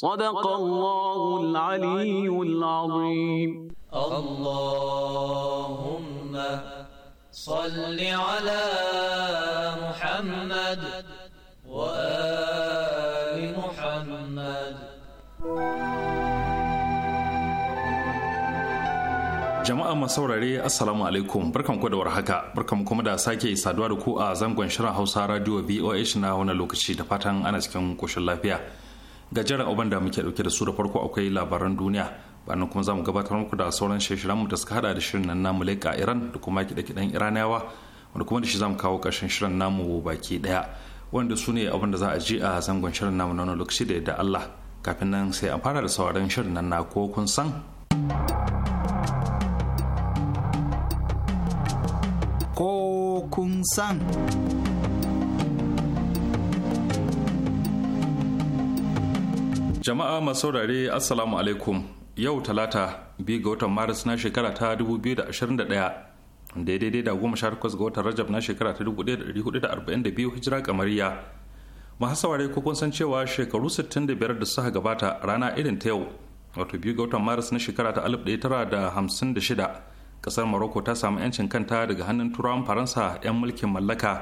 صدق الله العلي العظيم اللهم صل على محمد وآل محمد jama'a masu saurare assalamu alaikum barkan ku da warhaka barkan kuma da sake saduwa da ku a zangon shirin hausa radio voh na wani lokaci da fatan ana cikin koshin lafiya gajeren abin da muke dauke da su da farko akwai labaran duniya bayan kuma za mu gabatar muku da sauran shirin mu da suka hada da shirin nan namu leƙa iran da kuma kiɗe-kiɗen iraniyawa wanda kuma da shi za mu kawo ƙarshen shirin namu baki ɗaya wanda su ne abin da za a ji a zangon shirin namu na lokaci da yadda allah kafin nan sai an fara da sauran shirin nan na ko kun san ko kun san jama'a masu saurare assalamu alaikum yau talata biyu ga watan maris na shekara ta 2021 da daidai da 18 sha takwas ga watan rajab na shekara ta dubu da biyu hijira kamariya masu saurare ko kun san cewa shekaru sittin da biyar da suka gabata rana irin ta yau wato biyu ga watan maris na shekara ta alif ɗaya tara da hamsin da shida kasar morocco ta samu yancin kanta daga hannun turawan faransa 'yan mulkin mallaka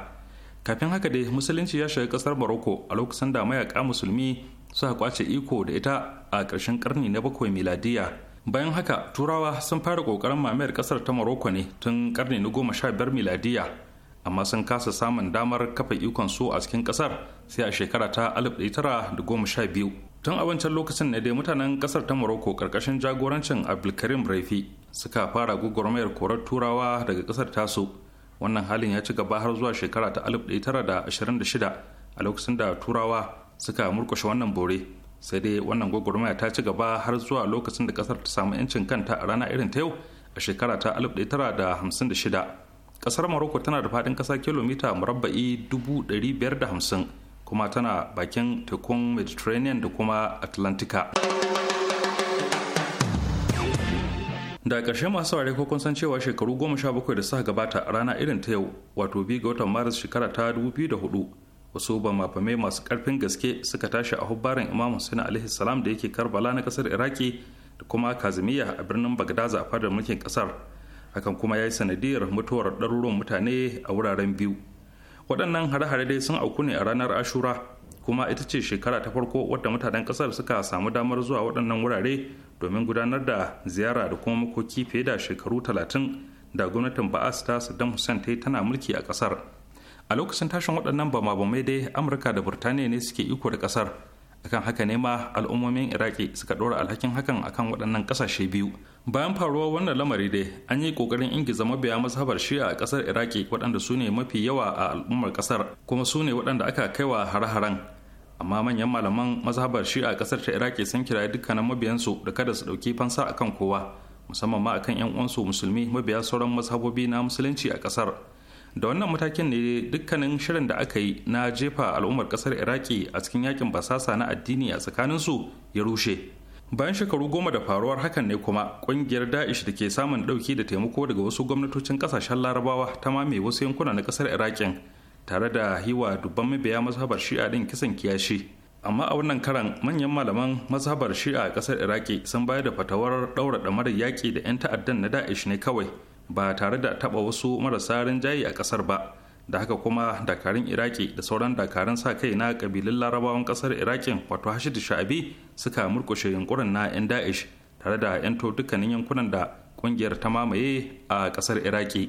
kafin haka dai musulunci ya shiga kasar morocco a lokacin da mayaka musulmi suka kwace iko da ita a ƙarshen ƙarni na bakwai miladiya bayan haka turawa sun fara ƙoƙarin mamayar ƙasar ta Maroko ne tun ƙarni na goma sha biyar miladiya amma sun kasa samun damar kafa ikon su a cikin ƙasar sai a shekara ta alif ɗaya tara da goma sha biyu. tun a wancan lokacin ne dai mutanen ƙasar ta Maroko ƙarƙashin jagorancin abdulkarim raifi suka fara gwagwarmayar korar turawa daga ƙasar tasu wannan halin ya ci gaba har zuwa shekara ta alif ɗaya tara da da ashirin shida a lokacin da turawa suka murkushe wannan bore sai dai wannan gwagwarmaya ta ci gaba har zuwa lokacin da kasar ta samu 'yancin kanta a rana irin ta yau a shekara ta 1956 kasar morocco tana da fadin kasa kilomita murabba'i 550 kuma tana bakin tekun mediterranean da kuma atlantika da ƙarshe masu ware ko kun san cewa shekaru bakwai da suka gabata a rana irin ta yau wato 2 ga watan maris shekara ta 2004 wasu mafame masu karfin gaske suka tashi a hubbaran imam hussein alaihi salam da yake karbala na kasar iraki da kuma kazimiya a birnin bagdaza a fadar mulkin kasar hakan kuma ya yi sanadiyar mutuwar ɗaruruwan mutane a wuraren biyu waɗannan hare-hare dai sun auku ne a ranar ashura kuma ita ce shekara ta farko wadda mutanen kasar suka samu damar zuwa waɗannan wurare domin gudanar da ziyara da kuma makoki fiye da shekaru talatin da gwamnatin ba'as ta saddam hussein ta tana mulki a kasar. a lokacin tashin waɗannan bamabamai dai amurka da burtaniya ne suke iko da ƙasar akan haka ne ma al'ummomin iraki suka ɗora alhakin hakan akan waɗannan ƙasashe biyu bayan faruwar wannan lamari dai an yi ƙoƙarin ingiza mabiya mazhabar shi'a a ƙasar iraki waɗanda su ne mafi yawa a al'ummar ƙasar kuma su ne waɗanda aka kaiwa hare-haren amma manyan malaman mazhabar shi'a a ƙasar ta iraki sun kiraye dukkanin mabiyansu da kada su ɗauki fansa akan kowa musamman ma akan 'yan uwansu musulmi mabiya sauran mazhabobi na musulunci a ƙasar da wannan matakin ne dukkanin shirin da aka yi na jefa al'ummar kasar iraki a cikin yakin basasa na addini a tsakaninsu ya rushe bayan shekaru goma da faruwar hakan ne kuma kungiyar da'ish da ke samun dauki da taimako daga wasu gwamnatocin kasashen larabawa ta mame wasu yankuna na kasar irakin tare da hiwa dubban mabiya mazhabar shi'a din kisan kiyashi amma a wannan karan manyan malaman mazhabar shi'a a kasar iraki sun bayar da fatawar daura damarar yaƙi da 'yan ta'addan na da'ish ne kawai ba tare da taɓa wasu marasa rinjaye a ƙasar ba da haka kuma dakarun iraki da sauran dakarun sa kai na ƙabilun larabawan ƙasar irakin wato hashidu sha'abi suka murkushe yunkurin na 'yan da'ish tare da to dukkanin yankunan da ƙungiyar ta mamaye a ƙasar iraki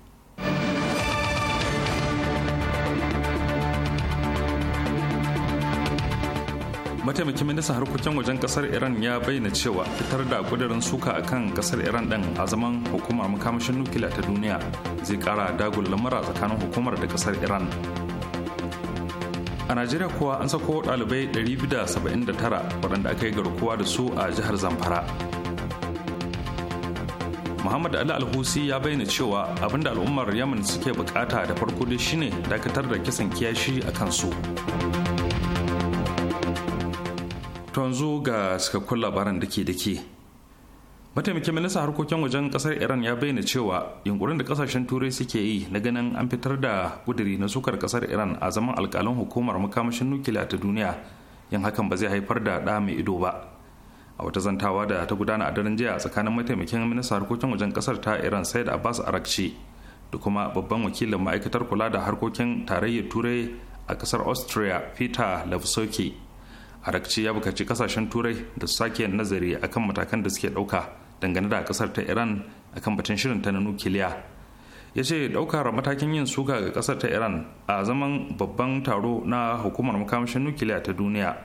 mataimakin ministan harkokin wajen kasar iran ya bayyana cewa fitar da kudirin suka a kan kasar iran din a zaman hukumar makamashin nukiliya ta duniya zai kara dagun lamura tsakanin hukumar da kasar iran a najeriya kuwa an sako dalibai 279 waɗanda aka yi garkuwa da su a jihar zamfara muhammad ali alhusi ya bayyana cewa abinda al'ummar yamin suke bukata da farko dai shine dakatar da kisan kiyashi a kansu to yanzu ga cikakkun labaran da ke da ke mataimakin minista harkokin wajen kasar iran ya bayyana cewa yunkurin da kasashen turai suke yi na ganin an fitar da kuduri na sukar kasar iran a zaman alkalin hukumar makamashin nukiliya ta duniya yin hakan ba zai haifar da ɗa mai ido ba a wata zantawa da ta gudana a daren jiya tsakanin mataimakin minista harkokin wajen kasar ta iran said abbas arakci da kuma babban wakilin ma'aikatar kula da harkokin tarayyar turai a kasar austria peter lafsoki. harakci ya bukaci kasashen turai da su sake nazari akan matakan da suke dauka dangane da kasar ta iran akan batun shirin ta na nukiliya ya ce daukar matakin yin suka ga kasar ta iran a zaman babban taro na hukumar makamashin nukiliya ta duniya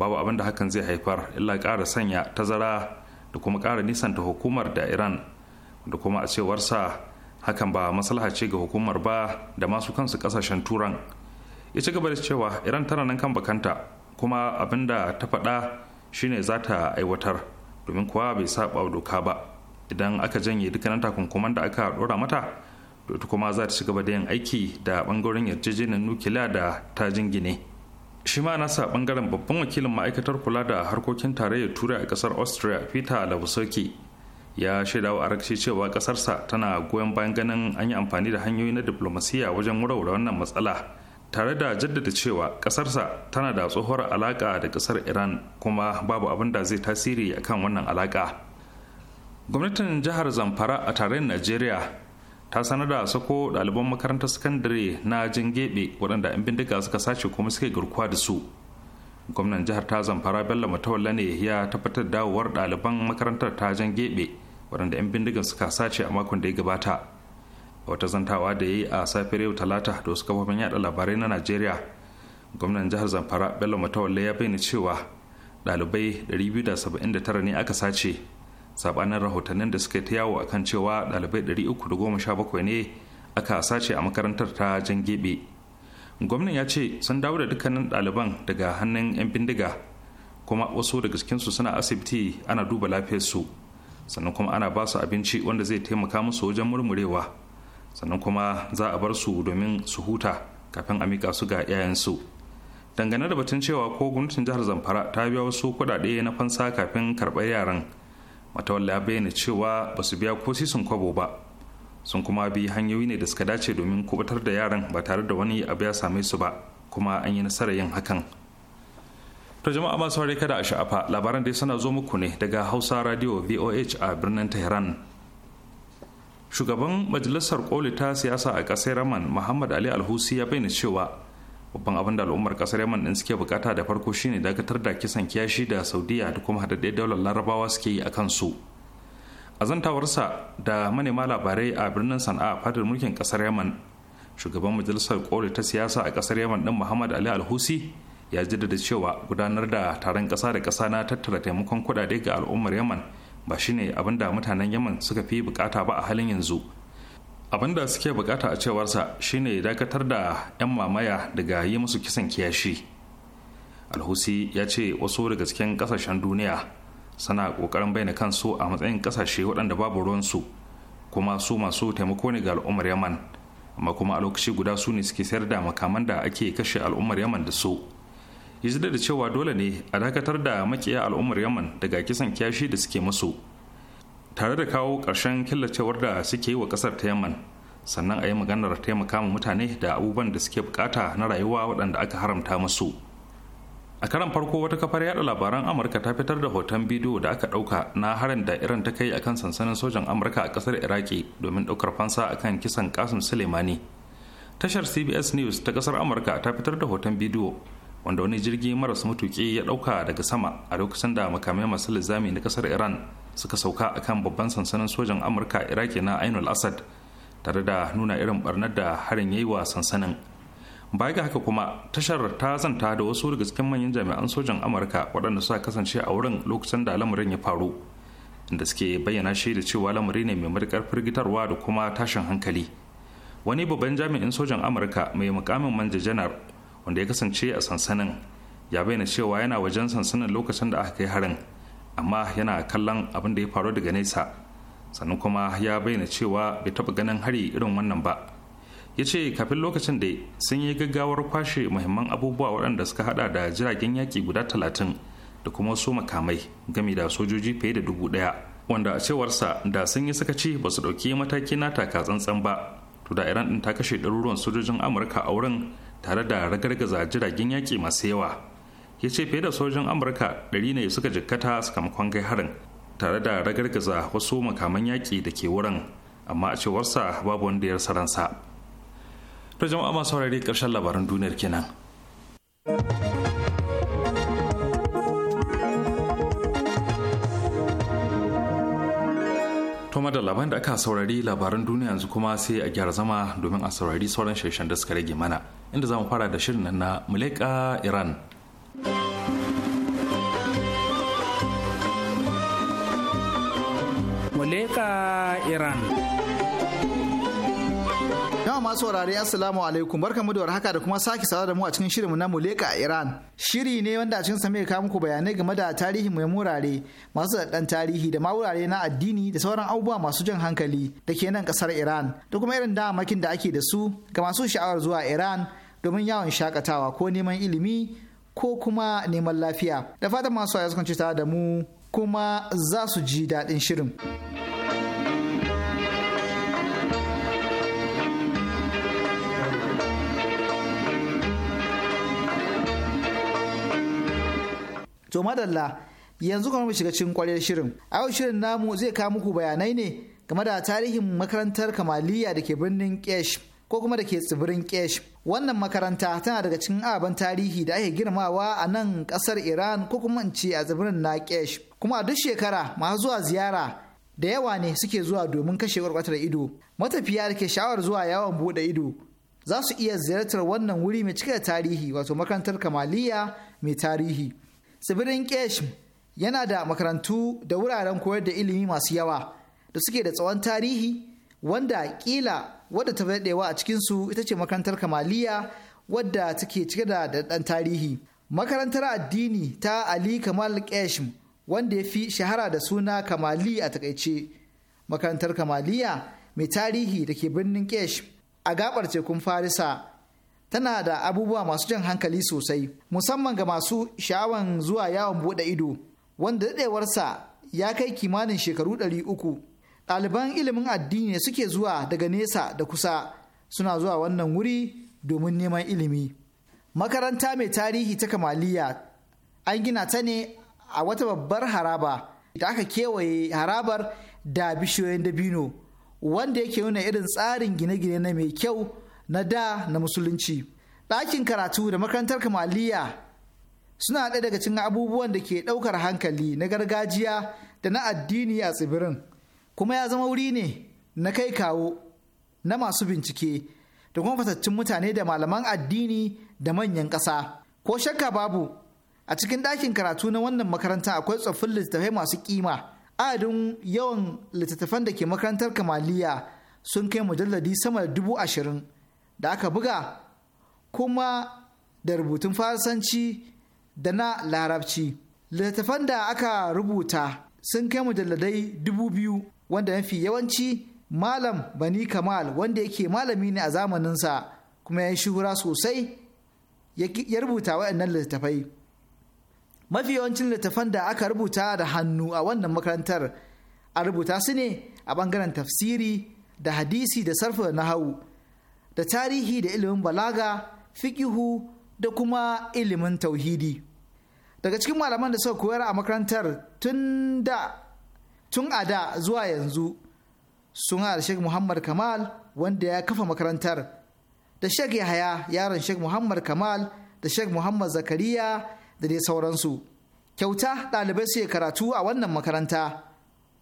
babu abin da hakan zai haifar illa kara sanya tazara da kuma ƙara nisanta hukumar da iran da kuma a cewarsa hakan ba maslaha ce ga hukumar ba da masu kansu kasashen turan ya ci gaba da cewa iran tana nan kan bakanta kuma abin da ta faɗa shine za ta aiwatar domin kuwa bai saba doka ba idan aka janye dukkanin takunkuman da aka ɗora mata to ta kuma za ta ci gaba da yin aiki da bangaren yarjejeniyar nukiliya da ta jingine shi ma nasa bangaren babban wakilin ma'aikatar kula da harkokin tarayyar turai a kasar austria peter labusoki ya shaidawa arakshi cewa kasarsa tana goyon bayan ganin an yi amfani da hanyoyi na diplomasiya wajen warware wannan matsala tare da jaddada cewa ƙasarsa tana da tsohuwar alaƙa da ƙasar iran kuma babu abin da zai tasiri a kan wannan alaƙa gwamnatin jihar zamfara a tarayyar najeriya ta sanar da sako ɗaliban makarantar sakandare na jingebe waɗanda 'yan bindiga suka sace kuma suke garkuwa da su gwamnan jihar ta zamfara bello matawalla ne ya tabbatar dawowar ɗaliban makarantar ta jan geɓe waɗanda 'yan bindigan suka sace a makon da ya gabata wata zantawa da ya yi a safiyar yau talata da wasu kafofin yada labarai na najeriya gwamnan jihar zamfara bello matawalle ya bayyana cewa ɗalibai 279 ne aka sace sabanin rahotannin da suka ta yawo akan cewa ɗalibai 317 ne aka sace a makarantar ta jan gebe gwamnan ya ce sun dawo da dukkanin ɗaliban daga hannun 'yan bindiga kuma wasu daga su suna asibiti ana duba lafiyar su, sannan kuma ana ba su abinci wanda zai taimaka musu wajen murmurewa sannan kuma za a bar su domin su huta kafin a mika su ga 'ya'yansu dangane da batun cewa ko gwamnatin jihar zamfara ta biya wasu kuɗaɗe na fansa kafin karɓar yaran matawalla ya bayyana cewa ba su biya ko sisin kwabo ba sun kuma bi hanyoyi ne da suka dace domin kubutar da yaran ba tare da wani abu ya same su ba kuma an yi nasarar yin hakan to jama'a masu kada a sha'afa labaran dai suna zo muku ne daga hausa radio voh a birnin tehran shugaban majalisar koli ta siyasa a ƙasar yaman muhammad ali alhusi ya bayyana cewa babban abin da al'ummar kasar yaman din suke bukata da farko shine dakatar da kisan kiyashi da saudiya da kuma haɗaɗɗen daular larabawa suke yi a kansu a zantawarsa da manema labarai a birnin sana'a fadar mulkin kasar yaman shugaban majalisar koli ta siyasa a kasar yaman din muhammad ali alhusi ya jaddada cewa gudanar da taron kasa da kasa na tattara taimakon kuɗaɗe ga al'ummar yaman ba shine abin da mutanen yaman suka fi bukata ba a halin yanzu abin da suke bukata a cewarsa shine dakatar da 'yan mamaya daga yi musu kisan kiyashi alhusi ya ce wasu daga cikin kasashen duniya suna kokarin bayyana kansu a matsayin kasashe waɗanda babu ruwansu kuma su masu taimako ne ga al'ummar yaman amma kuma a lokaci guda su ne suke sayar da makaman da ake kashe al'ummar yaman da su ya da cewa dole ne a dakatar da makiya al'ummar yaman daga kisan kyashi da suke masu tare da kawo ƙarshen killacewar da suke yi wa ƙasar ta yaman sannan a yi maganar taimaka ma mutane da abubuwan da suke bukata na rayuwa waɗanda aka haramta masu a karan farko wata kafar yada labaran amurka ta fitar da hoton bidiyo da aka ɗauka na harin da iran ta kai akan sansanin sojan amurka a ƙasar iraki domin ɗaukar fansa akan kisan kasim suleimani tashar cbs news ta ƙasar amurka ta fitar da hoton bidiyo wanda wani jirgi maras matuki ya ɗauka daga sama a lokacin da makamai masu lizami na kasar iran suka sauka a kan babban sansanin sojan amurka iraki na ainul asad tare da nuna irin barnar da harin yayi wa sansanin baya ga haka kuma tashar ta zanta da wasu daga cikin manyan jami'an sojan amurka waɗanda suka kasance a wurin lokacin da lamarin ya faru inda suke bayyana shi da cewa lamari ne mai matuƙar firgitarwa da kuma tashin hankali wani babban jami'in sojan amurka mai mukamin manja janar wanda ya kasance a sansanin ya bayyana cewa yana wajen sansanin lokacin da aka kai harin amma yana kallon abin da ya faru daga nesa sannan kuma ya bayyana cewa bai taba ganin hari irin wannan ba ya ce kafin lokacin da sun yi gaggawar kwashe muhimman abubuwa waɗanda suka hada da jiragen yaƙi guda talatin da kuma wasu makamai gami da sojoji fiye da dubu ɗaya wanda a cewarsa da sun yi ci ba su ɗauki mataki na taka tsantsan ba to da iran ɗin ta kashe ɗaruruwan sojojin amurka a wurin tare da ragargaza jiragen yaƙi masu yawa ya ce fiye da sojin amurka ɗari ne suka jikkata sakamakon kai harin tare da ragargaza wasu makaman yaƙi da ke wurin amma a cewarsa babu wanda ya rasa ransa to jama'a masu saurari ƙarshen labaran duniyar kenan. To da labaran da aka saurari labaran duniya yanzu kuma sai a gyara zama domin a saurari sauran shirshen da suka rage mana inda za mu fara da shirin nan na Muleka Iran. Muleka Iran. jama'a masu wurare assalamu alaikum mu da warhaka da kuma sake sawa da mu a cikin shirinmu na Muleka Iran. Shiri ne wanda a cikin sa mai ka muku bayanai game da tarihi mai murare masu dan tarihi da ma wurare na addini da sauran abubuwa masu jan hankali da ke nan kasar Iran da kuma irin damakin da ake da su ga masu sha'awar zuwa Iran domin yawon shakatawa ko neman ilimi ko kuma neman lafiya. Da fatan masu wurare su tare da mu kuma za su ji daɗin shirin. to madalla yanzu kuma mu shiga cikin kwarar shirin a yau shirin namu zai kawo muku bayanai ne game da tarihin makarantar kamaliya da ke birnin kesh ko kuma da ke tsibirin kesh wannan makaranta tana daga cikin ababen tarihi da ake girmawa a nan kasar iran ko kuma in ce a tsibirin na kesh kuma a duk shekara masu zuwa ziyara da yawa ne suke zuwa domin kashe kwarkwatar ido matafiya da ke sha'awar zuwa yawon buɗe ido za su iya ziyartar wannan wuri mai cike da tarihi wato makarantar kamaliya mai tarihi tsibirin kesh yana da makarantu da wuraren koyar da ilimi masu yawa da suke da tsawon tarihi wanda kila wadda ta daɗewa a cikinsu ita ce makarantar kamaliya wadda take cike da daɗan tarihi makarantar addini ta ali kamal keshim wanda ya fi shahara da suna kamali a takaice makarantar kamaliya mai tarihi da ke birnin kesh a gabar tekun farisa tana da abubuwa masu jan hankali sosai musamman ga masu sha'awan zuwa yawon bude ido wanda daɗewarsa ya kai kimanin shekaru ɗari uku ɗaliban ilimin addini suke zuwa daga nesa da kusa suna zuwa wannan wuri domin neman ilimi makaranta mai tarihi ta kamaliya an gina ta ne a wata babbar haraba da aka kewaye harabar da bishiyoyin dabino wanda yake nuna irin tsarin gine-gine na mai kyau na da na musulunci ɗakin karatu da makarantar kamaliya suna ɗaya daga cikin abubuwan da ke ɗaukar hankali na gargajiya da na addini a tsibirin kuma ya zama wuri ne na kai kawo na masu bincike da kuma fatattun mutane da malaman addini da manyan ƙasa ko shakka babu a cikin ɗakin karatu na wannan makaranta akwai tsoffin littattafai masu kima adadin yawan littattafan da ke makarantar kamaliya sun kai mujalladi sama da dubu ashirin da aka buga kuma da rubutun Faransanci da na Larabci. Littattafan da aka rubuta sun kai mujalladai dubu biyu wanda mafi yawanci Malam Bani Kamal wanda yake malami ne a zamaninsa kuma ya yi shuhura sosai ya rubuta waɗannan littattafai. Mafi yawancin littattafan da aka rubuta da hannu a wannan makarantar a rubuta su ne a ɓangaren tafsiri da hadisi da sarfa na hau. da tarihi da ilimin balaga fikihu da kuma ilimin tauhidi daga cikin malaman da suka koyar a makarantar tun a da zuwa yanzu sun da Sheikh Muhammad Kamal wanda ya kafa makarantar da Sheikh Yahaya yaron Sheikh Muhammad Kamal da Sheikh Muhammad Zakariya da dai sauransu. Kyauta ɗalibai su karatu a wannan makaranta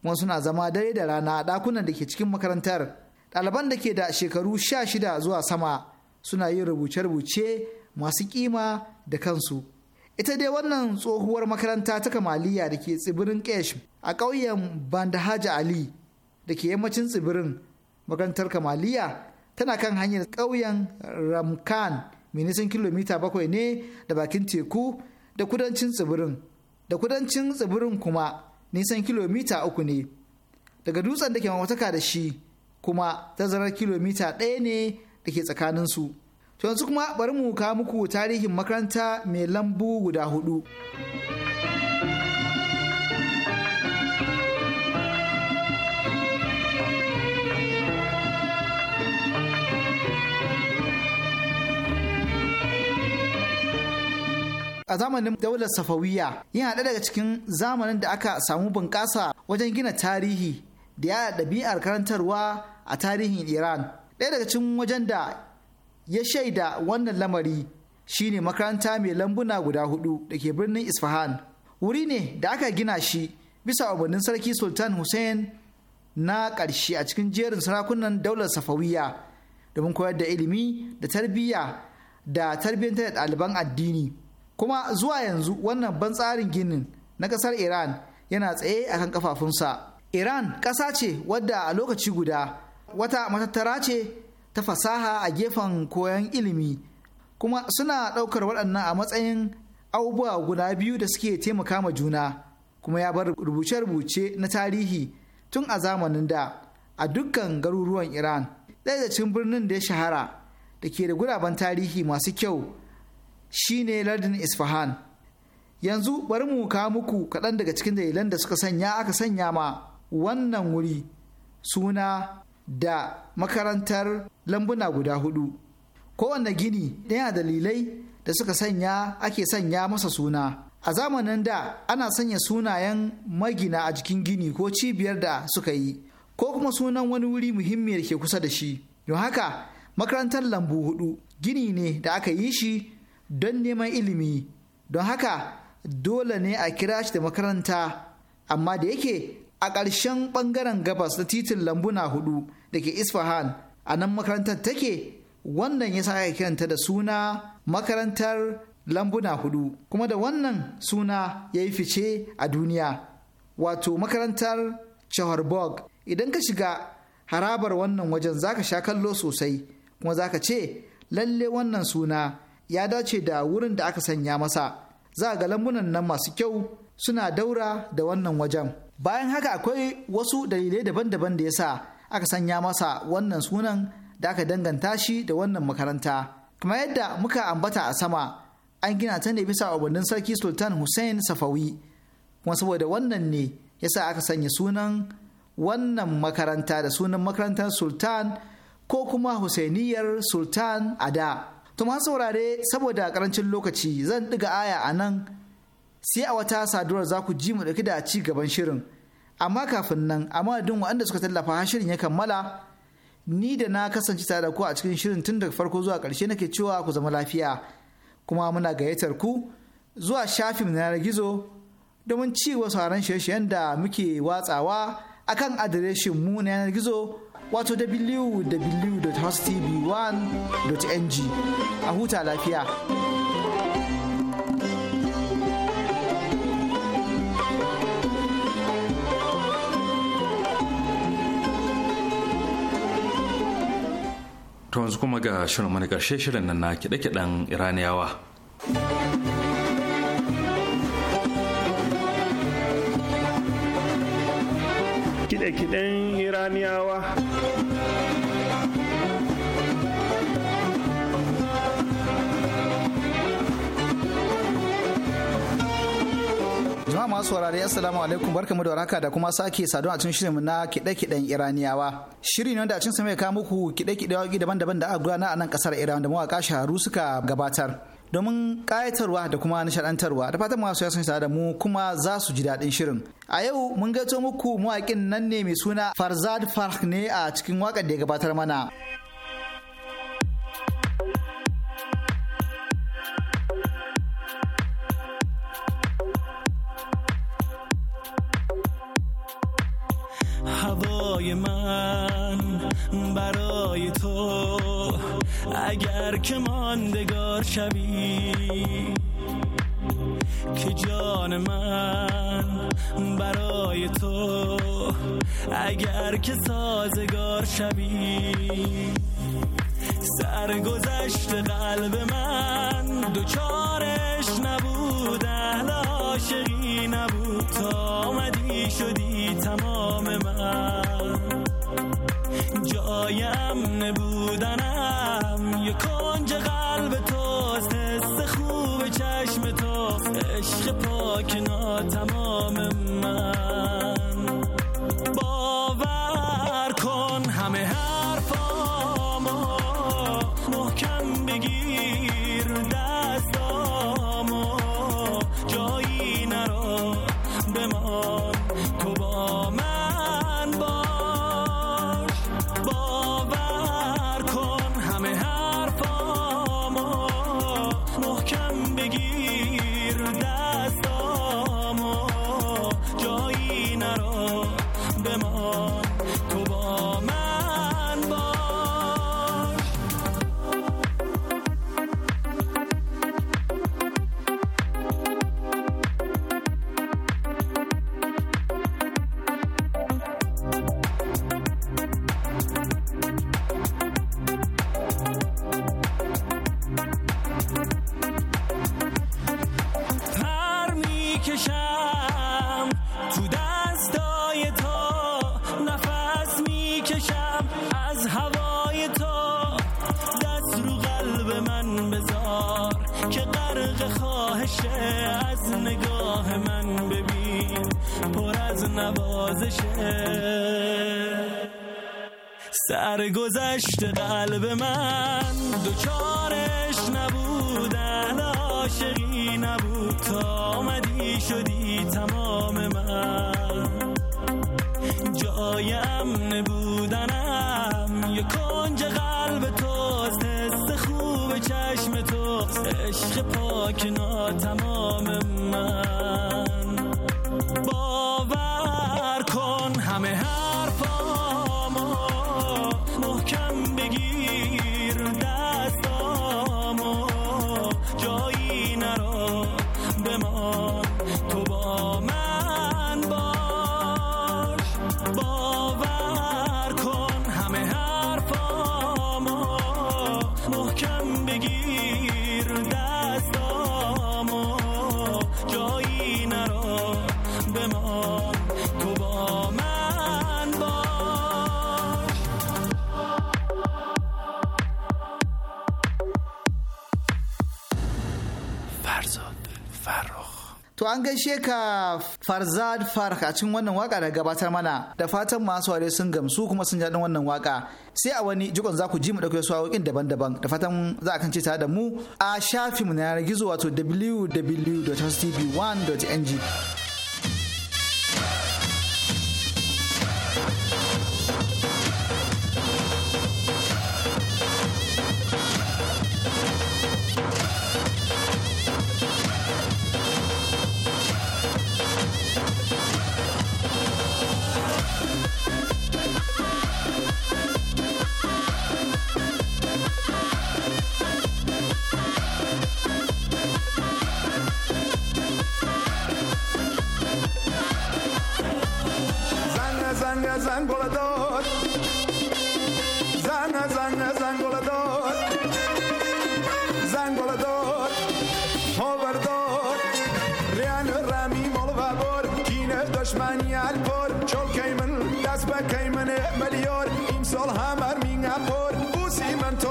kuma suna zama dare da rana a ɗakunan da ke cikin makarantar. ɗaliban da ke da shekaru sha shida zuwa sama suna yin rubuce-rubuce masu kima da kansu ita dai wannan tsohuwar makaranta ta kamaliya da ke tsibirin kesh a ƙauyen bandahaja ali da ke yammacin tsibirin makarantar kamaliya tana kan hanyar ƙauyen ramkan mai nisan kilomita bakwai ne da bakin teku da kudancin tsibirin da kudancin tsibirin kuma nisan kilomita uku ne daga dutsen da ke mamataka da shi kuma tazarar kilomita ɗaya ne da ke tsakaninsu. To yanzu kuma bari mu kawo muku tarihin makaranta mai lambu guda hudu. a zamanin daular safawiya yana ɗaya daga cikin zamanin da aka samu bunƙasa wajen gina tarihi da ya ɗabi'ar karantarwa a tarihin iran ɗaya daga cikin wajen da ya shaida wannan lamari shine makaranta mai lambuna guda hudu da ke birnin isfahan wuri ne da aka gina shi bisa umarnin sarki sultan hussein na ƙarshe a cikin jerin sarakunan daular safawiya domin koyar da ilimi da tarbiyya da tarbiyyantar da ɗaliban addini kuma zuwa yanzu wannan ban tsarin ginin na ƙasar iran yana tsaye akan kafafunsa iran ƙasa ce wadda a lokaci guda wata matattara ce ta fasaha a gefen koyon ilimi kuma suna ɗaukar waɗannan a matsayin abubuwa guda biyu da suke taimaka ma juna kuma ya bar rubuce-rubuce na tarihi tun a zamanin da a dukkan garuruwan iran ɗaya da cikin birnin da ya shahara da ke da guraben tarihi masu kyau shine lardin isfahan yanzu bari mu kawo muku kaɗan daga cikin dalilan da suka sanya aka sanya ma wannan wuri suna da makarantar lambuna guda hudu kowane gini yana dalilai da suka sanya ake sanya masa suna a zamanin da ana sanya sunayen magina a jikin gini ko cibiyar da suka yi ko kuma sunan wani wuri muhimmi da ke kusa da shi don haka makarantar lambu hudu gini ne da aka yi shi don neman ilimi don haka dole ne a kira shi da makaranta amma da yake a ƙarshen ɓangaren gabas na titin lambuna hudu da ke isfahan a nan makarantar take wannan ya sa kiranta da suna makarantar lambuna hudu kuma da wannan suna ya yi fice a duniya wato makarantar Chaharborg idan ka shiga harabar wannan wajen zaka sha kallo sosai kuma zaka ce lalle wannan suna ya dace da wurin da aka sanya masa za ga lambunan nan masu kyau suna daura da wannan wajen. bayan haka akwai wasu dalilai daban-daban da ya sa aka sanya masa wannan sunan da aka danganta shi da wannan makaranta kamar yadda muka ambata a sama an gina ta ne bisa umarnin sarki sultan hussein safawi kuma saboda wannan ne ya sa aka sanya sunan wannan makaranta da sunan makarantar sultan ko kuma husainiyar sultan a da. Tuma saurare saboda karancin lokaci zan ɗiga aya a nan sai a wata saduwar za ku ji mu ɗauki da ci gaban shirin amma kafin nan a madadin waɗanda suka tallafa har shirin ya kammala ni da na kasance tare da ku a cikin shirin tun daga farko zuwa ƙarshe nake cewa ku zama lafiya kuma muna gayyatar ku zuwa shafin na yanar gizo domin ci wasu haran shirye-shiryen da muke watsawa akan adireshin mu na yanar gizo wato www.hostv1.ng a huta lafiya. to yanzu kuma ga shirin mani karshe shirin nan na kiɗe-kiɗen iraniyawa kiɗe-kiɗen iraniyawa masu warare assalamu alaikum barkamu da waraka da kuma sake saduwa a cikin shirin na kide-kiden Iraniyawa. Shiri ne wanda a cikin sa mai kawo muku kiɗe kide waki daban-daban da aka gudana a nan kasar Iran da mawaka shaharu suka gabatar. Domin kayatarwa da kuma nishadantarwa da fatan masu yasan da mu kuma za su ji daɗin shirin. A yau mun gaito muku mawaƙin nan ne mai suna Farzad Farh ne a cikin waƙar da ya gabatar mana. برای من برای تو اگر که ماندگار شوی که جان من برای تو اگر که سازگار شوی سرگذشت قلب من دوچارش نبود اهل عاشقی نبود تا آمدی شدی تمام من جایم نبودنم یک کنج نوازشه سر قلب من دوچارش نبود اهل عاشقی نبود تا آمدی شدی تمام من جای نبودنم بودنم یه کنج قلب توست حس خوب چشم تو عشق پاک تمام من باور an gaishe ka Farzad Fark a cikin wannan waka da gabatar mana da fatan masu ware sun gamsu kuma sun jaɗin wannan waka. Sai a wani jikon za ku ji mu ɗauke su waƙoƙin daban-daban da fatan za a kance tare da mu a shafin na yanar gizo wato wwwtv 1ng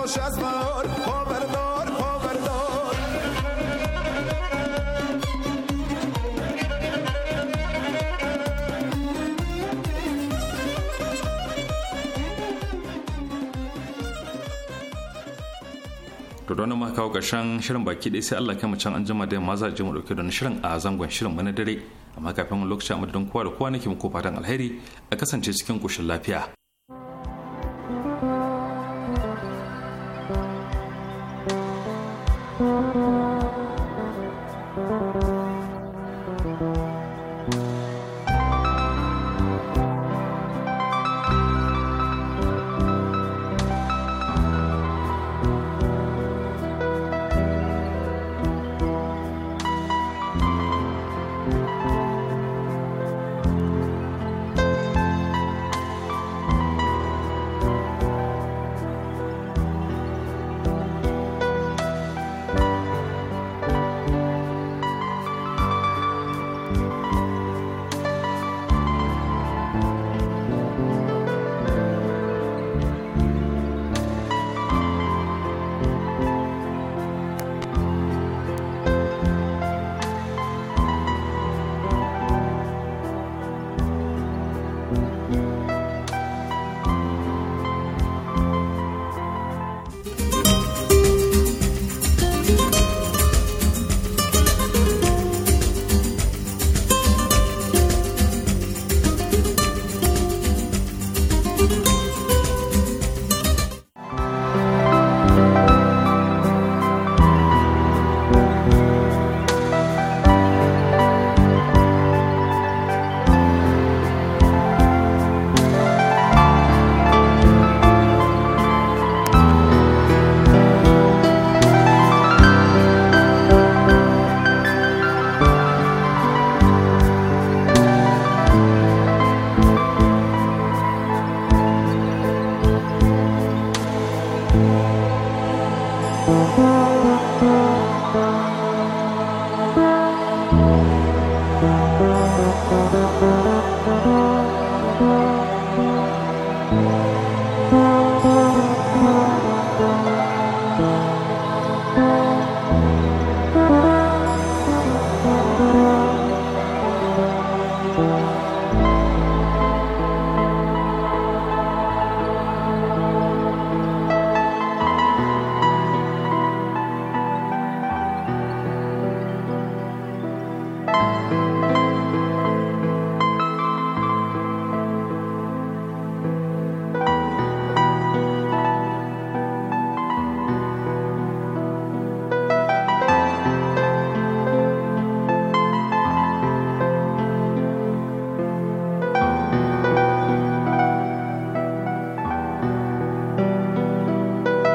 خوش از بار پا بردار to don ma kawo ƙarshen shirin baki ɗaya sai Allah kai can an jima da yamma za a je mu ɗauke na shirin a zangon shirin mu na dare amma kafin lokacin don kowa da kowa mu muku fatan alheri a kasance cikin koshin lafiya